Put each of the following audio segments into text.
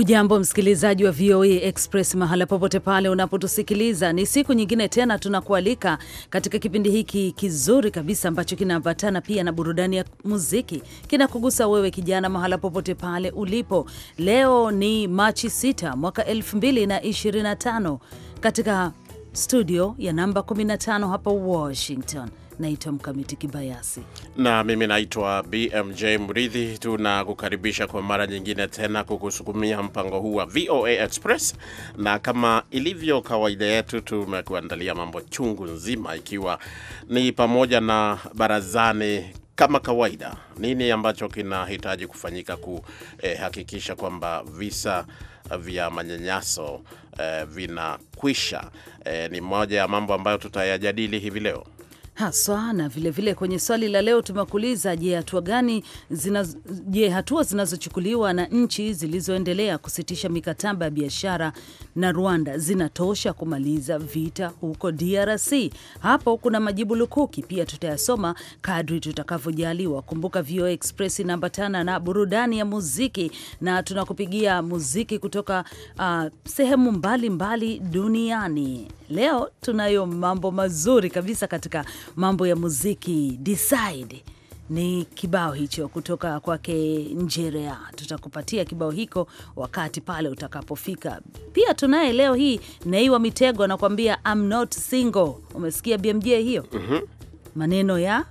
Hujambo msikilizaji wa VOA e Express mahala popote pale unapotusikiliza, ni siku nyingine tena tunakualika katika kipindi hiki kizuri kabisa ambacho kinaambatana pia na burudani ya muziki, kinakugusa wewe kijana, mahala popote pale ulipo. Leo ni Machi 6 mwaka 2025 katika studio ya namba 15 hapa Washington naitwa Mkamiti Kibayasi na mimi naitwa BMJ Mridhi. Tunakukaribisha kwa mara nyingine tena kukusukumia mpango huu wa VOA Express, na kama ilivyo kawaida yetu tumekuandalia mambo chungu nzima, ikiwa ni pamoja na barazani kama kawaida, nini ambacho kinahitaji kufanyika kuhakikisha eh, kwamba visa vya manyanyaso eh, vinakwisha? Eh, ni moja ya mambo ambayo tutayajadili hivi leo haswa. Na vilevile kwenye swali la leo tumekuuliza, je, hatua gani zina, je, hatua zinazochukuliwa na nchi zilizoendelea kusitisha mikataba ya biashara na Rwanda zinatosha kumaliza vita huko DRC? Hapo kuna majibu lukuki, pia tutayasoma kadri tutakavyojaliwa. Kumbuka VOA Express inaambatana na burudani ya muziki na tunakupigia muziki kutoka uh, sehemu mbalimbali mbali duniani. Leo tunayo mambo mazuri kabisa katika mambo ya muziki. Decide ni kibao hicho kutoka kwake Njerea. Tutakupatia kibao hiko wakati pale utakapofika. Pia tunaye leo hii Neiwa Mitego anakuambia I'm not single. Umesikia BMJ hiyo? mm -hmm. maneno ya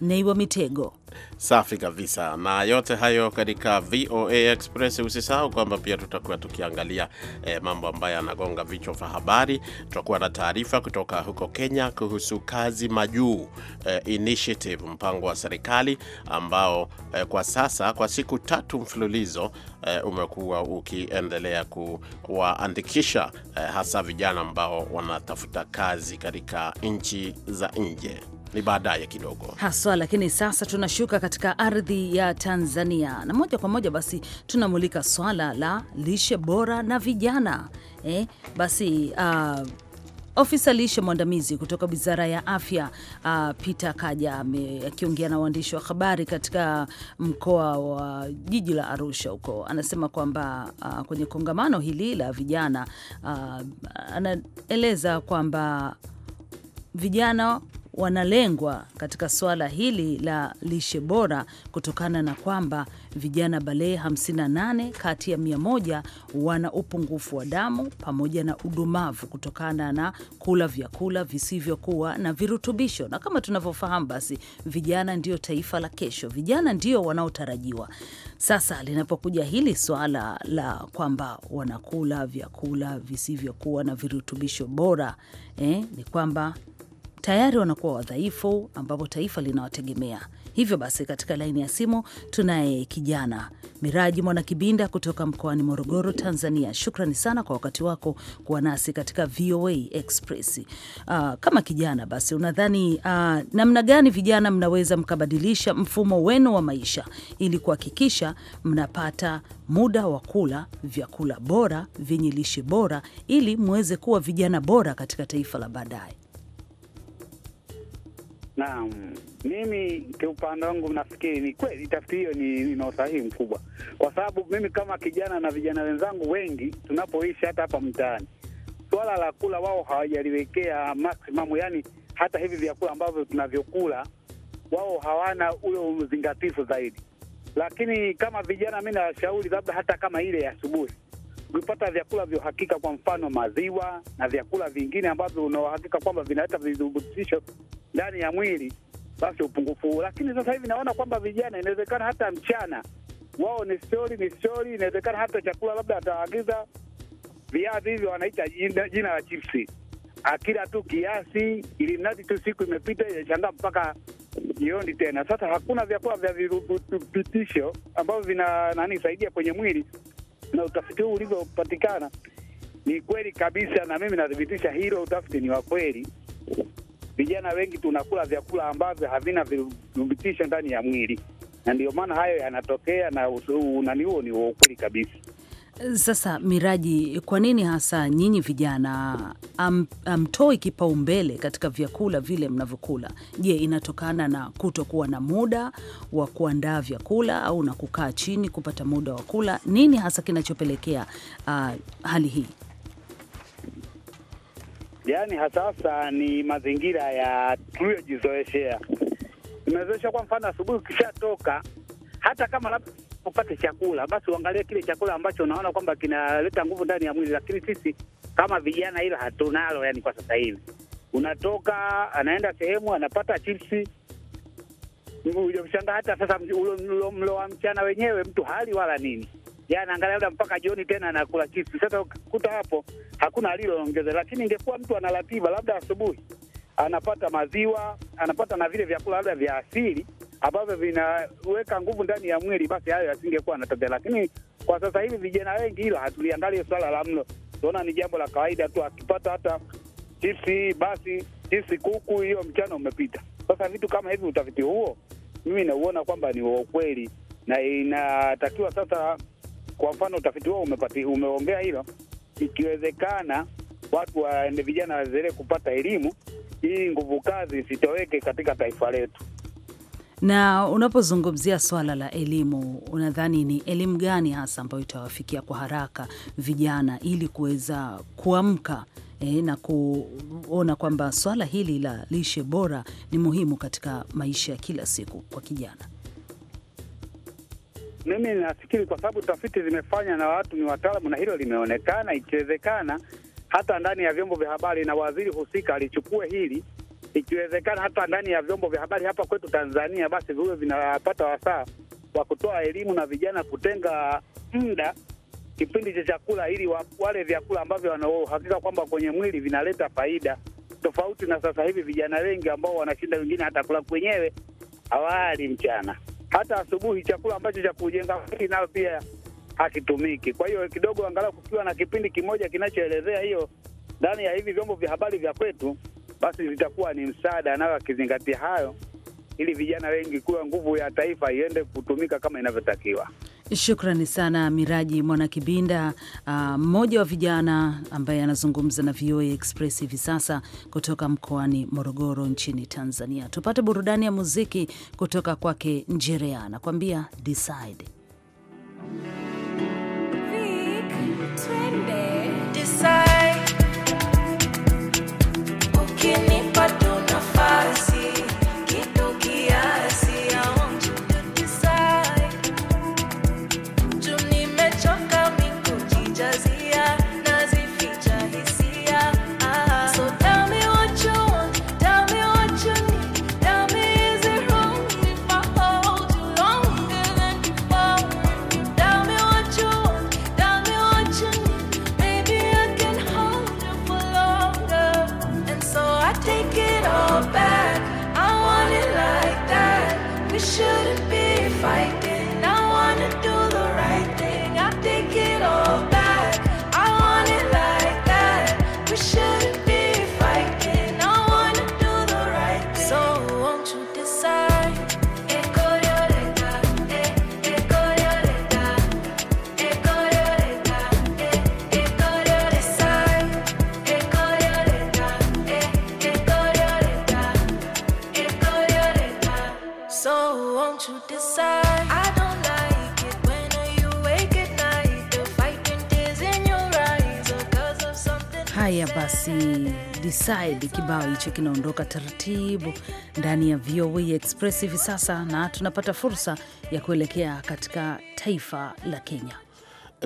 Neiwa Mitego. Safi kabisa, na yote hayo katika VOA Express. Usisahau kwamba pia tutakuwa tukiangalia eh, mambo ambayo yanagonga vichwa vya habari. Tutakuwa na taarifa kutoka huko Kenya kuhusu kazi majuu eh, initiative, mpango wa serikali ambao eh, kwa sasa kwa siku tatu mfululizo eh, umekuwa ukiendelea kuwaandikisha eh, hasa vijana ambao wanatafuta kazi katika nchi za nje ni baadaye kidogo haswa. Lakini sasa tunashuka katika ardhi ya Tanzania na moja kwa moja basi tunamulika swala la lishe bora na vijana eh, basi uh, Ofisa lishe mwandamizi kutoka Wizara ya Afya uh, Peter Kaja akiongea na waandishi wa habari katika mkoa wa jiji la Arusha huko, anasema kwamba uh, kwenye kongamano hili la vijana uh, anaeleza kwamba vijana wanalengwa katika suala hili la lishe bora kutokana na kwamba vijana balee 58 kati ya 100 wana upungufu wa damu pamoja na udumavu kutokana na kula vyakula visivyokuwa na virutubisho. Na kama tunavyofahamu, basi vijana ndio taifa la kesho, vijana ndio wanaotarajiwa. Sasa linapokuja hili swala la kwamba wanakula vyakula visivyokuwa na virutubisho bora eh, ni kwamba tayari wanakuwa wadhaifu, ambapo taifa linawategemea. Hivyo basi, katika laini ya simu tunaye kijana Miraji Mwanakibinda kutoka mkoani Morogoro, Tanzania. Shukrani sana kwa wakati wako kuwa nasi katika VOA Express. Uh, kama kijana basi, unadhani uh, namna gani vijana mnaweza mkabadilisha mfumo wenu wa maisha ili kuhakikisha mnapata muda wa kula vyakula bora vyenye lishe bora ili mweze kuwa vijana bora katika taifa la baadaye? Naam, mimi kiupande wangu nafikiri ni kweli tafiti hiyo ni ina usahihi mkubwa, kwa sababu mimi kama kijana na vijana wenzangu wengi tunapoishi hata hapa mtaani, swala la kula wao hawajaliwekea maximum, yani hata hivi vyakula ambavyo tunavyokula wao hawana ule uzingatifu zaidi. Lakini kama vijana, mi nawashauri labda hata kama ile ya asubuhi kupata vyakula vya uhakika, kwa mfano maziwa na vyakula vingine ambavyo una uhakika kwamba vinaleta virutubisho ndani ya mwili, basi upungufu huu. Lakini sasa hivi naona kwamba vijana, inawezekana hata mchana wao ni stori, ni stori, inawezekana hata chakula labda ataagiza viazi hivyo wanaita jina, jina la chipsi, akila tu kiasi, ili mradi tu siku imepita, inashangaa mpaka jioni tena. Sasa hakuna vyakula vya virutubitisho ambavyo vina nani saidia kwenye mwili na utafiti huu ulivyopatikana ni kweli kabisa, na mimi nathibitisha hilo, utafiti ni wa kweli. Vijana wengi tunakula vyakula ambavyo havina virutubitisho ndani ya mwili, na ndio maana hayo yanatokea, na unani huo ni wa ukweli kabisa. Sasa Miraji, kwa nini hasa nyinyi vijana hamtoi am, kipaumbele katika vyakula vile mnavyokula? Je, inatokana na kutokuwa na muda wa kuandaa vyakula au na kukaa chini kupata muda wa kula? Nini hasa kinachopelekea uh, hali hii? Yaani hasahasa ni mazingira ya tuliyojizoeshea, Imezoesha Kwa mfano asubuhi ukishatoka, hata kama labda upate chakula, basi uangalie kile chakula ambacho unaona kwamba kinaleta nguvu ndani ya mwili. Lakini sisi kama vijana, ila hatunalo yani kwa sasa hivi. Unatoka anaenda sehemu anapata chipsi Ujamshangaa hata sasa mlo, wa mchana wenyewe mtu hali wala nini, yaani angalia labda mpaka jioni tena anakula kitu. Sasa ukikuta hapo hakuna aliloongeza, lakini ingekuwa mtu ana ratiba, labda asubuhi anapata maziwa, anapata na vile vyakula labda vya asili ambavyo vinaweka nguvu ndani ya mwili, basi hayo yasingekuwa yanatokea. Lakini kwa sasa hivi vijana wengi, hilo hatuliangalie swala la mlo, tunaona ni jambo la kawaida tu, akipata hata chipsi basi chipsi kuku, hiyo mchana umepita. Sasa vitu kama hivi, utafiti huo mimi nauona kwamba ni wa ukweli na inatakiwa sasa. Kwa mfano utafiti huo umepati, umeongea hilo, ikiwezekana watu waende, vijana wazelee kupata elimu ili nguvu kazi isitoweke katika taifa letu. Na unapozungumzia swala la elimu, unadhani ni elimu gani hasa ambayo itawafikia kwa haraka vijana ili kuweza kuamka eh, na kuona kwamba swala hili la lishe bora ni muhimu katika maisha ya kila siku kwa kijana? Mimi nafikiri kwa sababu tafiti zimefanya na watu ni wataalamu, na hilo limeonekana, ikiwezekana hata ndani ya vyombo vya habari na waziri husika alichukue hili ikiwezekana hata ndani ya vyombo vya habari hapa kwetu Tanzania, basi viwe vinapata wasaa wa kutoa elimu na vijana kutenga muda kipindi cha chakula, ili wale vyakula ambavyo wanauhakika kwamba kwenye mwili vinaleta faida, tofauti na sasa hivi vijana wengi ambao wanashinda wengine hata kula kwenyewe hawali mchana hata asubuhi, chakula ambacho cha kujenga mwili nayo pia hakitumiki. Kwa hiyo kidogo, angalau kukiwa na kipindi kimoja kinachoelezea hiyo ndani ya hivi vyombo vya habari vya kwetu basi zitakuwa ni msaada, nayo akizingatia hayo, ili vijana wengi kuwa nguvu ya taifa iende kutumika kama inavyotakiwa. Shukrani sana Miraji Mwanakibinda, uh, mmoja uh, wa vijana ambaye anazungumza na VOA Express hivi sasa kutoka mkoani Morogoro nchini Tanzania. Tupate burudani ya muziki kutoka kwake Njerea, anakuambia decide. You. Inside. Kibao hicho kinaondoka taratibu ndani ya VOA Express hivi sasa, na tunapata fursa ya kuelekea katika taifa la Kenya.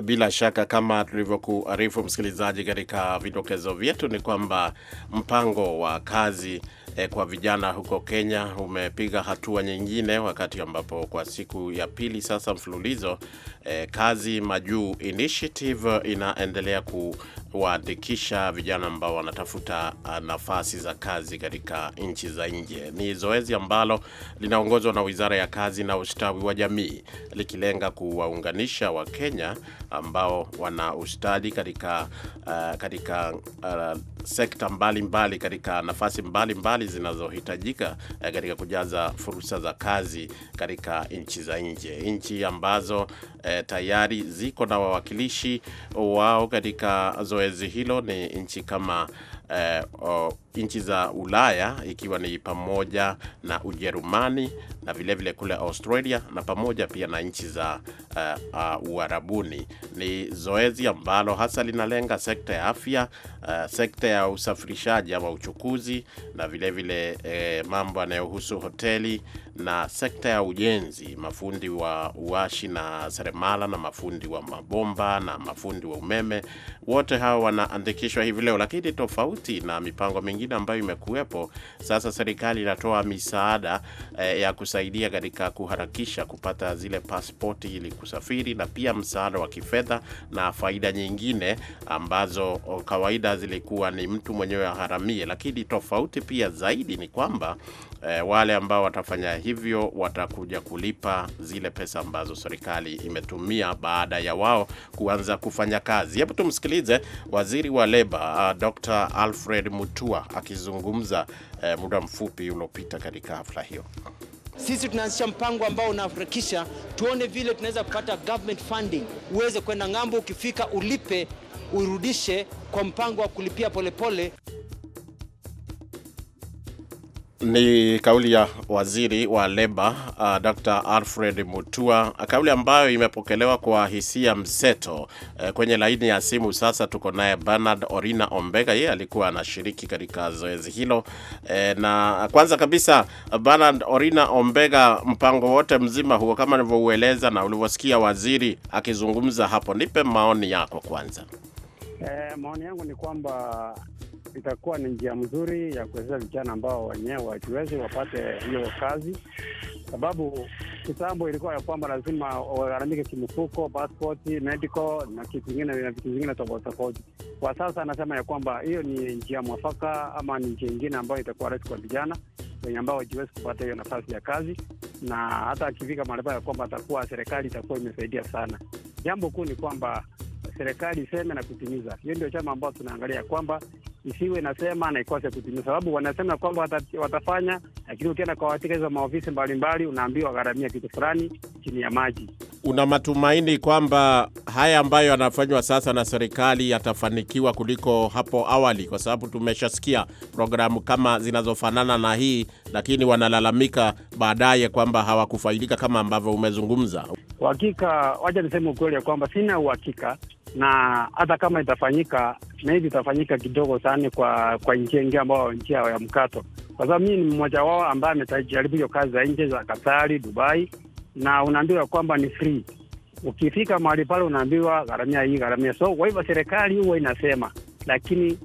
Bila shaka kama tulivyokuarifu msikilizaji, katika vidokezo vyetu ni kwamba mpango wa kazi eh, kwa vijana huko Kenya umepiga hatua nyingine, wakati ambapo kwa siku ya pili sasa mfululizo eh, kazi majuu initiative eh, inaendelea ku, kuwaandikisha vijana ambao wanatafuta ah, nafasi za kazi katika nchi za nje. Ni zoezi ambalo linaongozwa na Wizara ya Kazi na Ustawi wa Jamii, likilenga kuwaunganisha Wakenya ambao wana ustadi katika, uh, katika uh, sekta mbalimbali katika nafasi mbalimbali zinazohitajika eh, katika kujaza fursa za kazi katika nchi za nje, nchi ambazo eh, tayari ziko na wawakilishi wao katika zoezi hilo ni nchi kama eh, oh, nchi za Ulaya ikiwa ni pamoja na Ujerumani na vilevile vile kule Australia na pamoja pia na nchi za uh, uh, Uarabuni. Ni zoezi ambalo hasa linalenga sekta ya afya, uh, sekta ya usafirishaji ama uchukuzi na vilevile vile, eh, mambo yanayohusu hoteli na sekta ya ujenzi, mafundi wa uashi na seremala na mafundi wa mabomba na mafundi wa umeme, wote hawa wanaandikishwa hivi leo. Lakini tofauti na mipango mingine ambayo imekuwepo, sasa serikali inatoa misaada eh, ya kusaidia katika kuharakisha kupata zile pasipoti ili kusafiri, na pia msaada wa kifedha na faida nyingine ambazo oh, kawaida zilikuwa ni mtu mwenyewe aharamie. Lakini tofauti pia zaidi ni kwamba eh, wale ambao watafanya hivyo watakuja kulipa zile pesa ambazo serikali imetumia baada ya wao kuanza kufanya kazi. Hebu tumsikilize waziri wa leba, uh, Dr. Alfred Mutua akizungumza eh, muda mfupi uliopita katika hafla hiyo. Sisi tunaanzisha mpango ambao unaharakisha tuone vile tunaweza kupata government funding uweze kwenda ng'ambo, ukifika ulipe urudishe kwa mpango wa kulipia polepole pole. Ni kauli ya waziri wa leba uh, Dr Alfred Mutua, kauli ambayo imepokelewa kwa hisia mseto. Uh, kwenye laini ya simu sasa tuko naye Bernard Orina Ombega, yeye alikuwa anashiriki katika zoezi hilo. Uh, na kwanza kabisa Bernard Orina Ombega, mpango wote mzima huo kama nilivyoueleza na ulivyosikia waziri akizungumza hapo, nipe maoni yako kwanza. Eh, maoni yangu ni kwamba itakuwa ni njia mzuri ya kuwezesha vijana ambao wenyewe wajiwezi wapate hiyo kazi, sababu kitambo ilikuwa ya kwamba lazima wagharamike kimfuko, paspoti, medical na kitu kingine na vitu vingine tofauti tofauti. Kwa sasa anasema ya kwamba hiyo ni njia mwafaka ama ni njia ingine ambayo itakuwa rahisi kwa vijana wenye ambao wajiwezi kupata hiyo nafasi ya kazi, na hata akifika mahali ya kwamba atakuwa serikali itakuwa imesaidia sana. Jambo kuu ni kwamba serikali iseme na kutimiza. Hiyo ndio chama ambao tunaangalia kwamba isiwe inasema na ikose kutimia, sababu wanasema kwamba watafanya, lakini ukienda kwa katika hizo maofisi mbalimbali unaambiwa gharamia kitu fulani chini ya maji. Una matumaini kwamba haya ambayo yanafanywa sasa na serikali yatafanikiwa kuliko hapo awali? Kwa sababu tumeshasikia programu kama zinazofanana na hii, lakini wanalalamika baadaye kwamba hawakufaidika kama ambavyo umezungumza. uhakika wacha niseme ukweli ya kwamba sina uhakika na hata kama itafanyika maybe itafanyika kidogo sana kwa kwa njia ingine ambayo njia ya mkato, kwa sababu mimi ni mmoja wao ambaye ametajaribu hiyo kazi za nje za Katari, Dubai, na unaambiwa kwamba ni free. Ukifika mahali pale unaambiwa gharamia hii, gharamia. So kwa hivyo serikali huwa inasema, lakini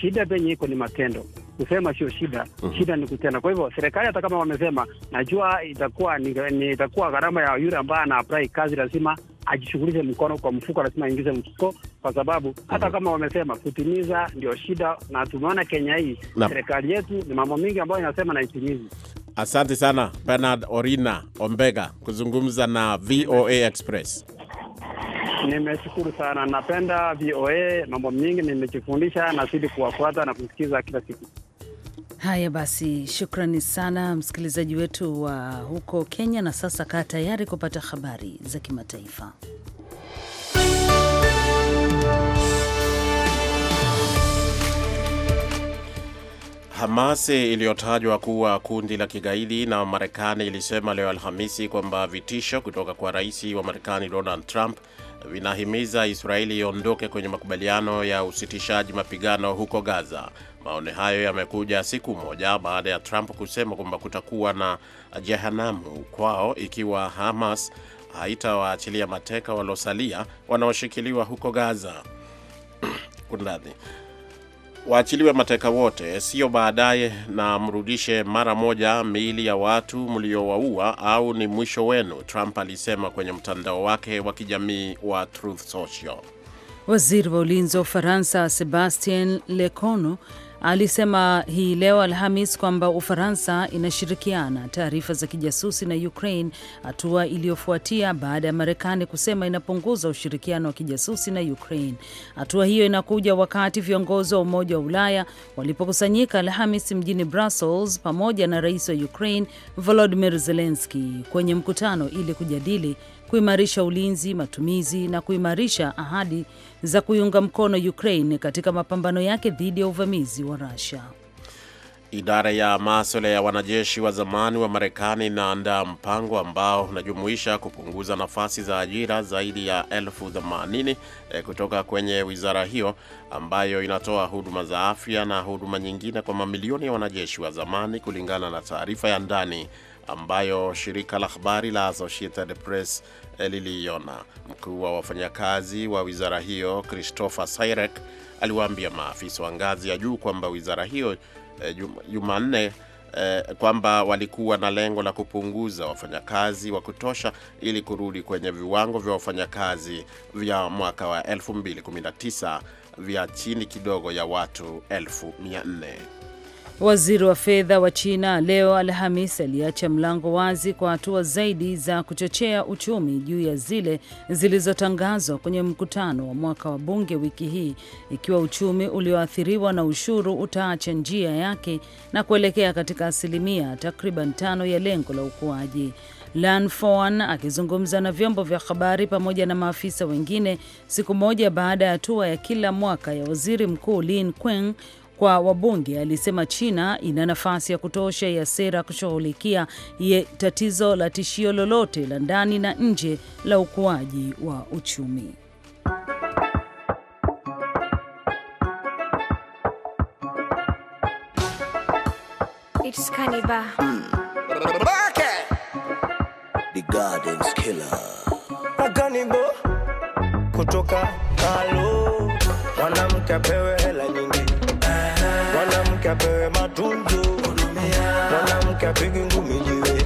shida penye iko ni matendo. Kusema sio shida, mhm. shida ni kutenda. Kwa hivyo serikali hata kama wamesema, najua itakuwa ni, ni itakuwa gharama ya yule ambaye ana apply kazi lazima ajishughulishe mkono kwa mfuko, lazima aingize mfuko, kwa sababu hata mhm. kama wamesema kutimiza ndio shida, na tumeona Kenya hii serikali yetu ni mambo mingi ambayo inasema na itimizi. Asante sana Bernard Orina Ombega kuzungumza na VOA Express. Nimeshukuru sana, napenda VOA, mambo mingi nimejifundisha, nazidi kuwafuata na kusikiza kila siku. Haya basi, shukrani sana msikilizaji wetu wa huko Kenya. Na sasa kaa tayari kupata habari za kimataifa. hamas iliyotajwa kuwa kundi la kigaidi na Marekani ilisema leo Alhamisi kwamba vitisho kutoka kwa rais wa Marekani Donald Trump vinahimiza Israeli iondoke kwenye makubaliano ya usitishaji mapigano huko Gaza. Maoni hayo yamekuja siku moja baada ya Trump kusema kwamba kutakuwa na jehanamu kwao ikiwa Hamas haitawaachilia mateka waliosalia wanaoshikiliwa huko Gaza. Waachiliwe mateka wote, sio baadaye, na mrudishe mara moja miili ya watu mliowaua au ni mwisho wenu, Trump alisema kwenye mtandao wake wa kijamii wa Truth Social. Waziri wa ulinzi wa Ufaransa Sebastien Lecornu alisema hii leo Alhamis kwamba Ufaransa inashirikiana taarifa za kijasusi na Ukraine, hatua iliyofuatia baada ya Marekani kusema inapunguza ushirikiano wa kijasusi na Ukraine. Hatua hiyo inakuja wakati viongozi wa Umoja wa Ulaya walipokusanyika Alhamis mjini Brussels pamoja na rais wa Ukraine volodimir zelenski kwenye mkutano ili kujadili kuimarisha ulinzi, matumizi na kuimarisha ahadi za kuiunga mkono Ukraine katika mapambano yake dhidi ya uvamizi wa Russia. Idara ya maswala ya wanajeshi wa zamani wa Marekani inaandaa mpango ambao unajumuisha kupunguza nafasi za ajira zaidi ya elfu themanini eh, kutoka kwenye wizara hiyo ambayo inatoa huduma za afya na huduma nyingine kwa mamilioni ya wanajeshi wa zamani, kulingana na taarifa ya ndani ambayo shirika la habari la Associated Press eh, liliiona. Mkuu wa wafanyakazi wa wizara hiyo Christopher Sirek aliwaambia maafisa wa ngazi ya juu kwamba wizara hiyo eh, Jumanne eh, kwamba walikuwa na lengo la kupunguza wafanyakazi wa kutosha ili kurudi kwenye viwango vya wafanyakazi vya mwaka wa 2019 vya chini kidogo ya watu 1400. Waziri wa fedha wa China leo Alhamis aliacha mlango wazi kwa hatua zaidi za kuchochea uchumi juu ya zile zilizotangazwa kwenye mkutano wa mwaka wa bunge wiki hii, ikiwa uchumi ulioathiriwa na ushuru utaacha njia yake na kuelekea katika asilimia takriban tano ya lengo la ukuaji. Lan Foan akizungumza na vyombo vya habari pamoja na maafisa wengine siku moja baada ya hatua ya kila mwaka ya waziri mkuu Lin Kweng kwa wabunge alisema China ina nafasi ya kutosha ya sera kushughulikia tatizo la tishio lolote la ndani na nje la ukuaji wa uchumi. It's kutoka Talo, mwanamke apewe apewe matunzo, mwanamke apigi ngumi jiwe,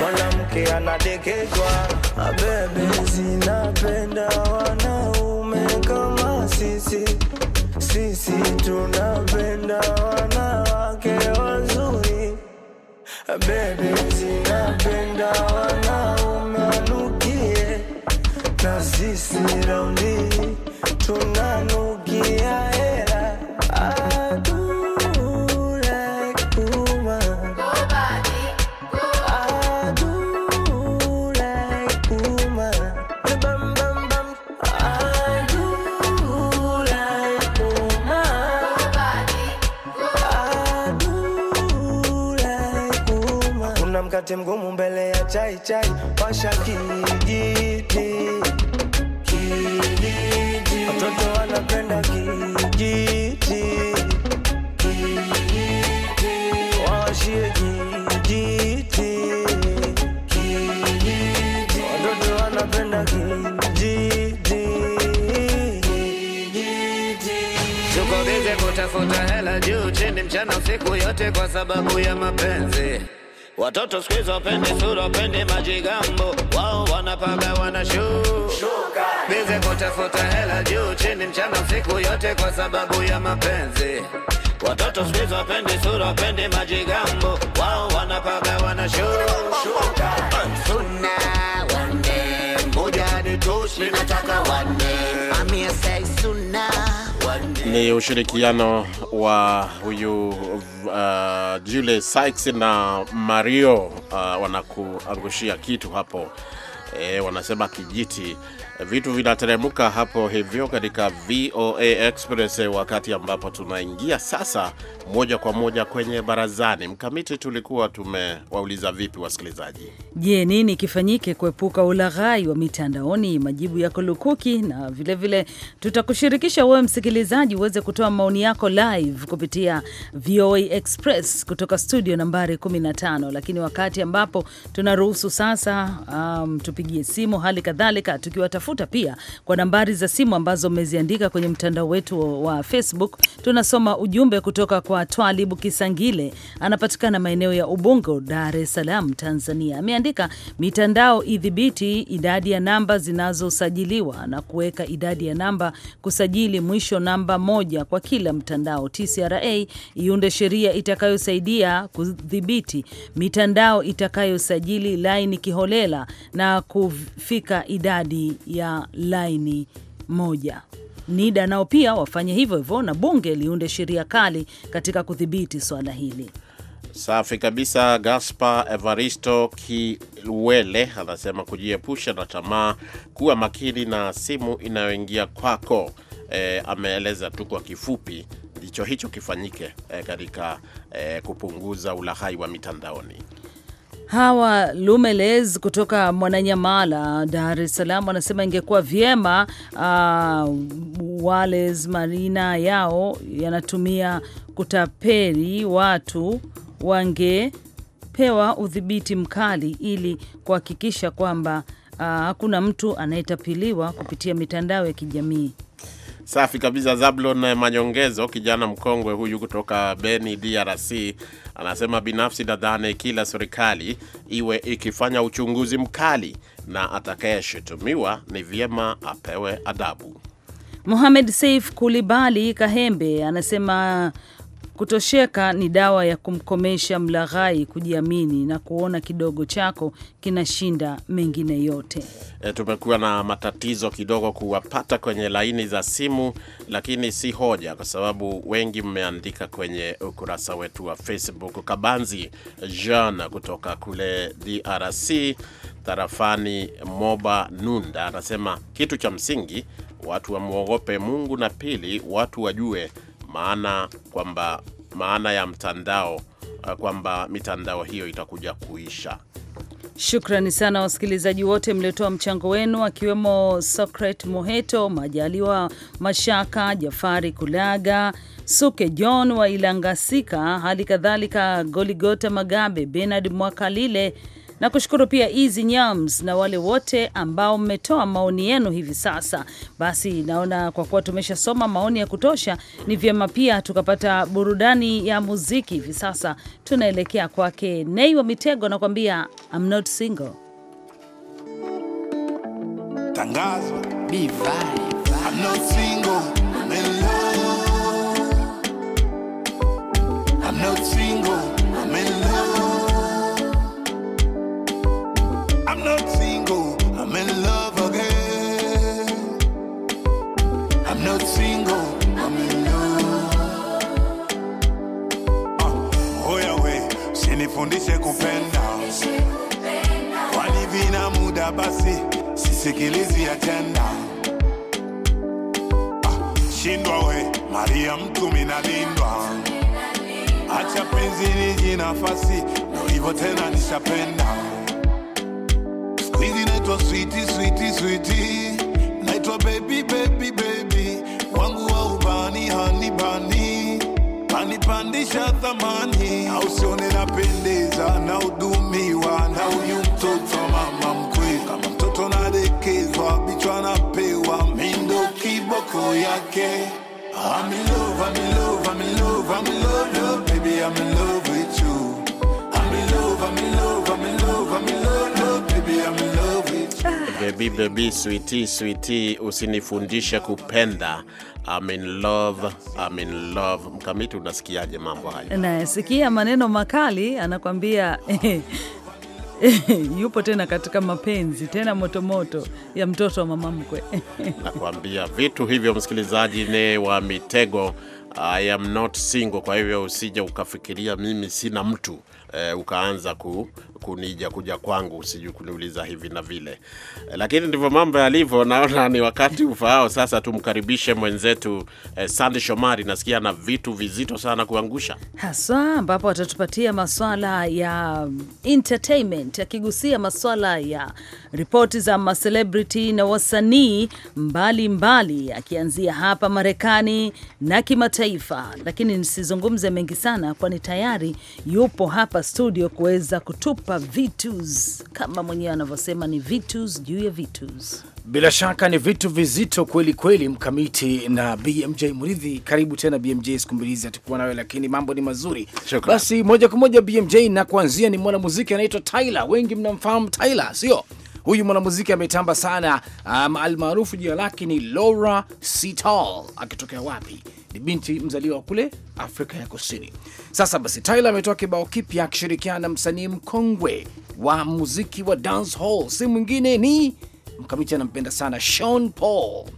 mwanamke anadeketwa. Abebe zinapenda wanaume kama sisi, sisi tunapenda wanawake wazuri. Abebe zinapenda wanaume wanukie na sisi raundi Tuna mkate mgumu mbele ya chai chai, washa kijiti. Watoto wanapenda kijiti, wawashie kijiti. Watoto wanapenda kijiti. Tuko kutafuta hela juu chini, mchana siku yote kwa sababu ya mapenzi Watoto siku hizi wapendi sura, wapendi majigambo, wao wanapaga wana shuu bize kutafuta hela juu chini, mchana siku yote, kwa sababu ya mapenzi. Watoto siku hizi wapendi sura, wapendi majigambo, wao wanapaga wana shuu suna wande, moja nitushi, nataka wande, amia sai suna ni ushirikiano wa huyu uh, Julius Sykes na Mario uh, wanakuangushia kitu hapo e, wanasema kijiti vitu vinateremka hapo hivyo katika VOA Express, eh, wakati ambapo tunaingia sasa moja kwa moja kwenye barazani. Mkamiti, tulikuwa tumewauliza vipi wasikilizaji? Je, nini kifanyike kuepuka ulaghai wa mitandaoni? Majibu yako lukuki, na vilevile tutakushirikisha wewe msikilizaji uweze kutoa maoni yako live kupitia VOA Express kutoka studio nambari 15, lakini wakati ambapo tunaruhusu sasa, um, tupigie simu hali kadhalika tukiwa kututafuta pia kwa nambari za simu ambazo umeziandika kwenye mtandao wetu wa Facebook. Tunasoma ujumbe kutoka kwa Twalibu Kisangile, anapatikana maeneo ya Ubungo, Dar es Salaam, Tanzania. Ameandika, mitandao idhibiti idadi ya namba zinazosajiliwa na kuweka idadi ya namba kusajili, mwisho namba moja kwa kila mtandao. TCRA iunde sheria itakayosaidia kudhibiti mitandao itakayosajili laini kiholela na kufika idadi ya ya laini moja. NIDA nao pia wafanye hivyo hivyo na bunge liunde sheria kali katika kudhibiti swala hili. Safi kabisa. Gaspar Evaristo Kiwele anasema kujiepusha na tamaa, kuwa makini na simu inayoingia kwako. E, ameeleza tu kwa kifupi ndicho hicho kifanyike e, katika e, kupunguza ulahai wa mitandaoni. Hawa Lumelez kutoka Mwananyamala, Dar es Salaam, wanasema ingekuwa vyema uh, wales marina yao yanatumia kutapeli watu wangepewa udhibiti mkali ili kuhakikisha kwamba uh, hakuna uh, mtu anayetapiliwa kupitia mitandao ya kijamii. Safi kabisa. Zablon Manyongezo, kijana mkongwe huyu kutoka Beni, DRC, anasema binafsi nadhani kila serikali iwe ikifanya uchunguzi mkali na atakayeshutumiwa ni vyema apewe adabu. muhamed Saif Kulibali Kahembe anasema Kutosheka ni dawa ya kumkomesha mlaghai kujiamini na kuona kidogo chako kinashinda mengine yote. E, tumekuwa na matatizo kidogo kuwapata kwenye laini za simu, lakini si hoja, kwa sababu wengi mmeandika kwenye ukurasa wetu wa Facebook. Kabanzi Jean kutoka kule DRC tarafani Moba Nunda anasema kitu cha msingi watu wamwogope Mungu na pili watu wajue maana kwamba maana ya mtandao eh, kwamba mitandao hiyo itakuja kuisha. Shukrani sana wasikilizaji wote mliotoa mchango wenu, akiwemo Socrat Moheto, Majaliwa Mashaka, Jafari Kulaga, Suke John wa Ilangasika, hali kadhalika Goligota Magabe, Benard Mwakalile na kushukuru pia Easy Nyams na wale wote ambao mmetoa maoni yenu hivi sasa. Basi naona kwa kuwa tumeshasoma maoni ya kutosha, ni vyema pia tukapata burudani ya muziki. Hivi sasa tunaelekea kwake Nei wa Mitego, nakwambia I'm not single. Tangazo. Be I'm not single. I'm in love. I'm not single. I'm in love. I'm not single, I'm in love again. I'm not single, I'm in love. Uh, oh Yahweh, usinifundishe kupenda, kwani vina muda basi sisikilizi ajenda. Uh, ah, shindwa we Maria, mtu minalindwa, acha penzi liji nafasi, ndo hivyo tena nishapenda mimi naitwa sweetie, sweetie, sweetie. Naitwa baby, baby, baby. Wangu wa ubani, hani bani. Anipandisha thamani, na sione napendeza, udumiwa na huyu mtoto mama mkwe. Kama mtoto nadekezwa, bichwa napewa, mi ndo kiboko yake. I'm in love, I'm in love, I'm in love, I'm in love, love, baby, I'm in love with you. I'm in love, I'm in love, I'm in love, I'm in love, baby, I'm in love. Baby baby sweetie sweetie, usinifundishe kupenda. I'm in love, I'm in love. Mkamiti, unasikiaje mambo hayo? Nasikia maneno makali, anakwambia yupo tena katika mapenzi tena motomoto moto ya mtoto wa mama mkwe. Nakwambia vitu hivyo, msikilizaji, ni wa mitego. I am not single, kwa hivyo usije ukafikiria mimi sina mtu. E, ukaanza ku, kunija kuja kwangu, sijui kuniuliza hivi na vile, eh, lakini ndivyo mambo yalivyo. Naona ni wakati ufaao sasa tumkaribishe mwenzetu eh, Sande Shomari. Nasikia na vitu vizito sana kuangusha haswa, ambapo atatupatia maswala ya mm, entertainment, akigusia maswala ya ripoti za macelebrity na wasanii mbalimbali, akianzia hapa Marekani na kimataifa, lakini nisizungumze mengi sana, kwani tayari yupo hapa studio kuweza kutupa kukupa vitus kama mwenyewe anavyosema ni vitus juu ya vitus. Bila shaka ni vitu vizito kweli kweli, Mkamiti na BMJ Mridhi. Karibu tena BMJ, siku mbili hizi hatukuwa nawe, lakini mambo ni mazuri. Shukra. Basi moja kwa moja BMJ, na kuanzia ni mwanamuziki anaitwa Tyler. Wengi mnamfahamu Tyler, sio? Huyu mwanamuziki ametamba sana, um, almaarufu jina lake ni Laura Sital. Akitokea wapi? ni binti mzaliwa wa kule Afrika ya Kusini. Sasa basi, Tyler ametoa kibao kipya akishirikiana na msanii mkongwe wa muziki wa dance hall, si mwingine ni mkamiti anampenda sana Sean Paul.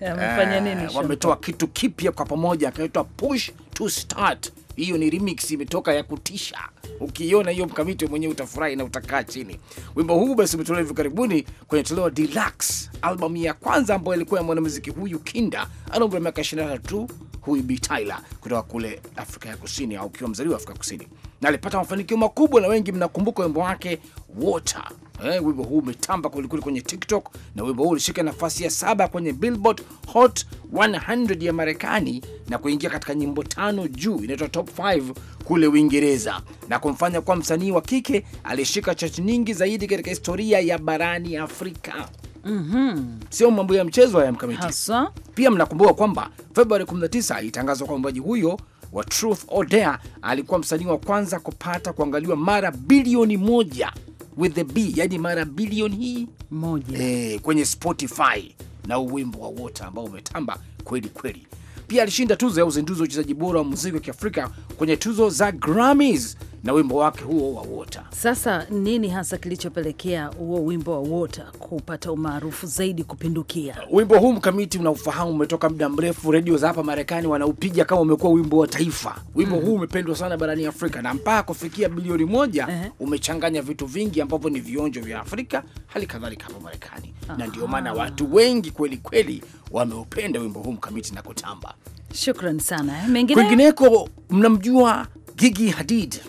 Eh, wametoa kitu kipya kwa pamoja kinaitwa Push to Start hiyo ni remix imetoka ya kutisha. Ukiiona hiyo mkamiti mwenyewe utafurahi na utakaa chini. Wimbo huu basi umetolewa hivi karibuni kwenye toleo deluxe, albamu ya kwanza ambayo ilikuwa ya mwanamuziki huyu Kinda, ana umri wa miaka 23 huyu Bi Tyler kutoka kule Afrika ya Kusini, au ukiwa mzaliwa Afrika Kusini na alipata mafanikio makubwa, na wengi mnakumbuka wimbo wake Water. Eh, wimbo huu umetamba kwelikweli kwenye TikTok na wimbo huu ulishika nafasi ya saba kwenye Billboard Hot 100 ya Marekani na kuingia katika nyimbo tano juu, inaitwa top 5 kule Uingereza na kumfanya kuwa msanii wa kike alishika chati nyingi zaidi katika historia ya barani Afrika. Mm -hmm. Sio mambo ya mchezo haya mkamiti. Pia mnakumbuka kwamba Februari 19 alitangazwa kwa mwimbaji huyo wa Truth or Dare alikuwa msanii wa kwanza kupata kuangaliwa mara bilioni moja with the B, yani mara bilioni hii moja eh, kwenye Spotify na uwimbo wa wote ambao umetamba kweli kweli. Pia alishinda tuzo ya uzinduzi wa uchezaji bora wa muziki wa Kiafrika kwenye tuzo za Grammys na wimbo wake huo wa wota. Sasa nini hasa kilichopelekea huo wimbo wa wota kupata umaarufu zaidi kupindukia? Wimbo huu mkamiti, unaufahamu, umetoka muda mrefu, redio za hapa Marekani wanaupiga kama umekuwa wimbo wa taifa. Wimbo mm -hmm. huu umependwa sana barani Afrika na mpaka kufikia bilioni moja uh -huh. umechanganya vitu vingi ambavyo ni vionjo vya Afrika, hali kadhalika hapa Marekani uh ah. -huh. na ndio maana watu wengi kweli kweli wameupenda wimbo huu mkamiti na kutamba. Shukran sana. Mengineo kwingineko, mnamjua Gigi Hadid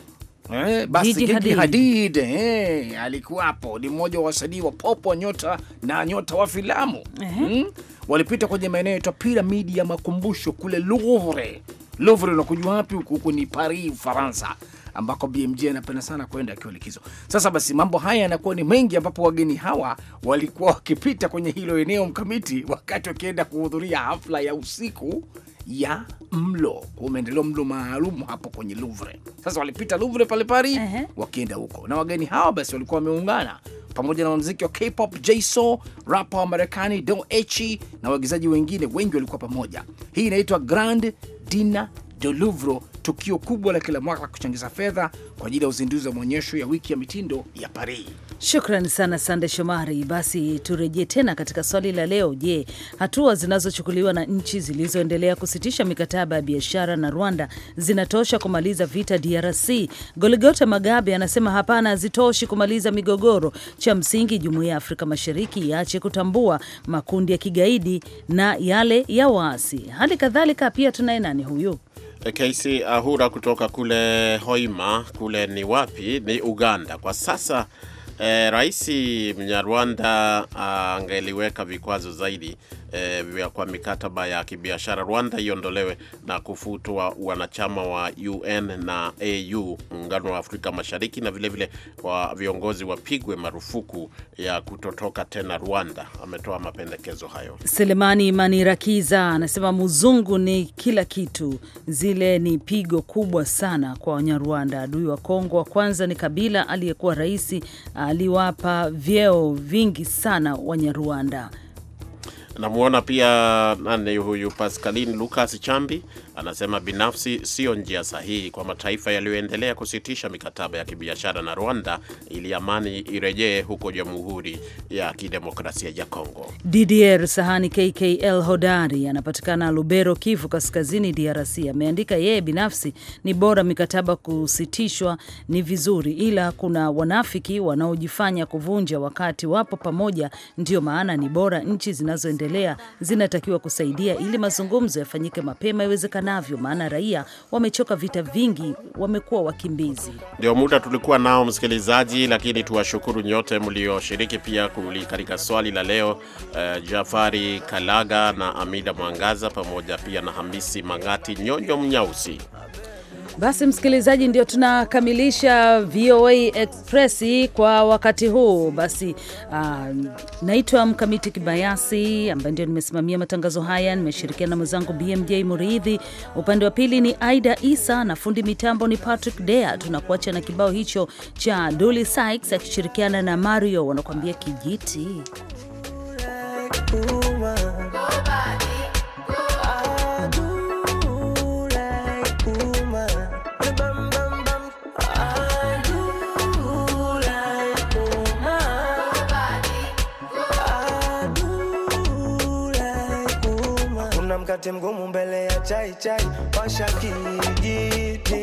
Eh, basi Gigi Hadid, Hadid eh, alikuwapo. Ni mmoja wa wasanii wa pop wa nyota na nyota wa filamu hmm? Walipita kwenye maeneo yaitwa piramidi ya makumbusho kule Louvre. Louvre unakujua wapi? Huku huku ni Paris, Ufaransa, ambako BMJ anapenda sana kwenda akiwa likizo. Sasa basi, mambo haya yanakuwa ni mengi, ambapo wageni hawa walikuwa wakipita kwenye hilo eneo mkamiti, wakati wakienda kuhudhuria hafla ya usiku ya mlo. Umeendelea mlo maalum hapo kwenye Louvre. Sasa walipita Louvre pale Paris, uh -huh. wakienda huko na wageni hawa basi walikuwa wameungana pamoja na wanamuziki wa K-pop Jisoo, rapa wa Marekani Don Echi na waigizaji wengine wengi walikuwa pamoja. Hii inaitwa Grand Dina de Louvre, tukio kubwa la kila mwaka kuchangiza fedha kwa ajili ya uzinduzi wa maonyesho ya wiki ya mitindo ya Paris. Shukrani sana Sande Shomari. Basi turejee tena katika swali la leo. Je, hatua zinazochukuliwa na nchi zilizoendelea kusitisha mikataba ya biashara na Rwanda zinatosha kumaliza vita DRC? goligote Magabe anasema hapana, hazitoshi kumaliza migogoro. Cha msingi jumuiya ya Afrika Mashariki iache kutambua makundi ya kigaidi na yale ya waasi. Hali kadhalika pia tunaye nani huyu KC Ahura kutoka kule Hoima, kule ni wapi, ni Uganda kwa sasa eh, rais Mnyarwanda ah, angeliweka vikwazo zaidi eh, vya kwa mikataba ya kibiashara Rwanda iondolewe na kufutwa wanachama wa UN na AU, muungano wa Afrika Mashariki, na vilevile vile kwa viongozi wapigwe marufuku ya kutotoka tena Rwanda. Ametoa mapendekezo hayo. Selemani Manirakiza anasema muzungu ni kila kitu, zile ni pigo kubwa sana kwa Wanyarwanda. Adui wa Kongo wa kwanza ni Kabila aliyekuwa rais aliwapa vyeo vingi sana Wanyarwanda. Namwona pia nani huyu Pascaline Lucas Chambi anasema binafsi sio njia sahihi kwa mataifa yaliyoendelea kusitisha mikataba ya kibiashara na Rwanda ili amani irejee huko Jamhuri ya Kidemokrasia ya Kongo. ddr Sahani KKL Hodari anapatikana Lubero, Kivu Kaskazini, DRC, ameandika yeye binafsi ni bora mikataba kusitishwa, ni vizuri, ila kuna wanafiki wanaojifanya kuvunja wakati wapo pamoja. ndio maana ni bora nchi zinazoendelea zinatakiwa kusaidia ili mazungumzo yafanyike mapema iwezekana navyo maana raia wamechoka vita vingi, wamekuwa wakimbizi. Ndio muda tulikuwa nao, msikilizaji, lakini tuwashukuru nyote mlioshiriki pia katika swali la leo. Uh, Jafari Kalaga na Amida Mwangaza pamoja pia na Hamisi Mangati Nyonyo Mnyausi. Basi msikilizaji, ndio tunakamilisha VOA Express kwa wakati huu. Basi uh, naitwa Mkamiti Kibayasi ambaye ndio nimesimamia matangazo haya, nimeshirikiana na mwenzangu BMJ Muridhi, upande wa pili ni Aida Isa na fundi mitambo ni Patrick Dea. Tunakuacha na kibao hicho cha Dully Sykes akishirikiana na Mario wanakuambia kijiti. wakati mgumu mbele ya chai chai, washa kijiti